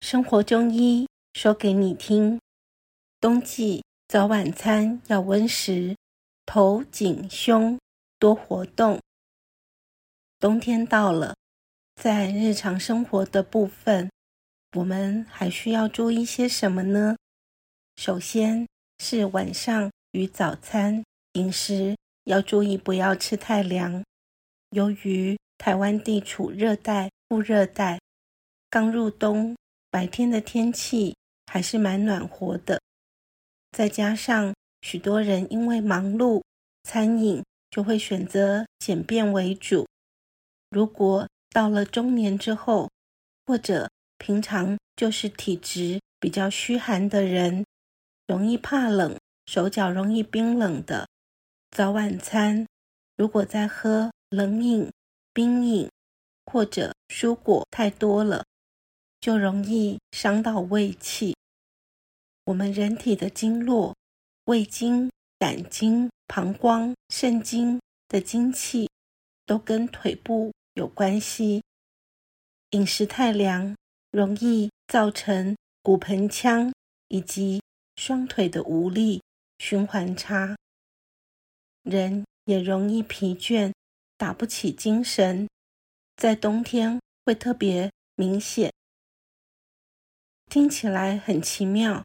生活中醫說給你聽：冬季早晚餐要溫食，頭頸胸多活動。冬天到了，在日常生活的部分，我們還需要注意些什麼呢？首先是晚上與早餐飲食要注意，不要吃太涼。由於台灣地處熱帶、副熱帶，剛入冬，白天的天氣還是蠻暖和的，再加上許多人因為忙碌，餐飲就會選擇簡便為主。如果到了中年之後，或者平常就是體質比較虛寒的人，容易怕冷，手腳容易冰冷的，早晚餐如果再喝冷飲、冰飲或者蔬果太多了，就容易傷到胃氣。我們人體的經絡、胃經、膽經、膀胱、腎經的經氣，都跟腿部有關係。飲食太涼，容易造成骨盆腔以及雙腿的無力、循環差，人也容易疲倦，打不起精神。在冬天會特別明顯。聽起來很奇妙，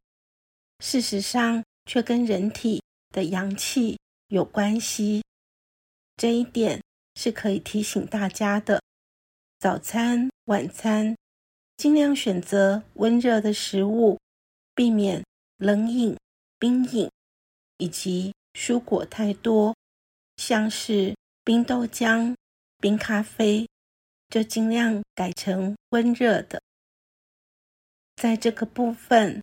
事實上卻跟人體的陽氣有關係。這一點是可以提醒大家的：早餐、晚餐盡量選擇溫熱的食物，避免冷飲、冰飲以及蔬果太多，像是冰豆漿、冰咖啡，就盡量改成溫熱的。在這個部分，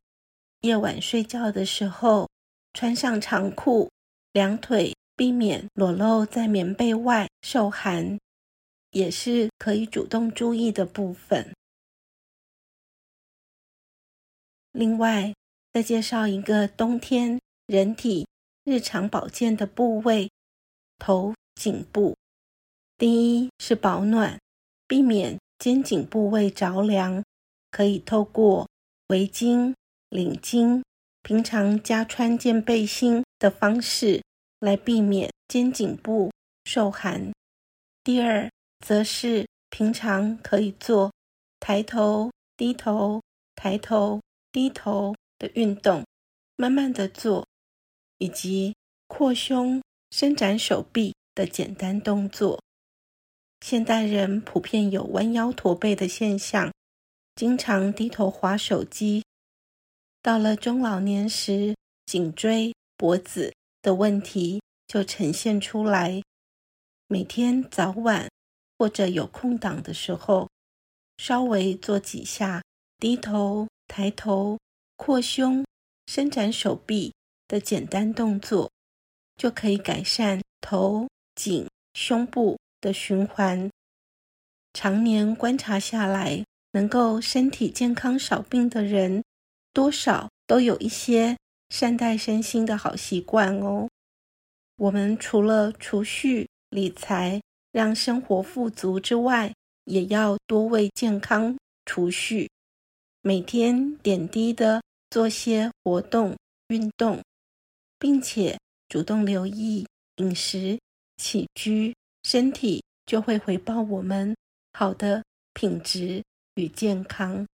夜晚睡覺的時候，穿上長褲，兩腿避免裸露在棉被外受寒，也是可以主動注意的部分。另外，再介紹一個冬天人體日常保健的部位：頭頸部。第一是保暖，避免肩頸部位着涼。可以透過圍巾、領巾，平常加穿件背心的方式來避免肩頸部受寒。第二，則是平常可以做抬頭、低頭、抬頭、低頭的運動，慢慢的做，以及擴胸、伸展手臂的簡單動作。現代人普遍有彎腰駝背的現象。經常低頭滑手機，到了中老年時，頸椎、脖子的問題就呈現出來。每天早晚或者有空檔的時候，稍微做幾下低頭、抬頭、擴胸、伸展手臂的簡單動作，就可以改善頭、頸、胸部的循環。常年觀察下來，能夠身體健康少病的人，多少都有一些善待身心的好習慣哦。我們除了儲蓄理財，讓生活富足之外，也要多為健康儲蓄。每天點滴的做些活動運動，並且主動留意飲食起居，身體就會回報我們好的品質。與健康。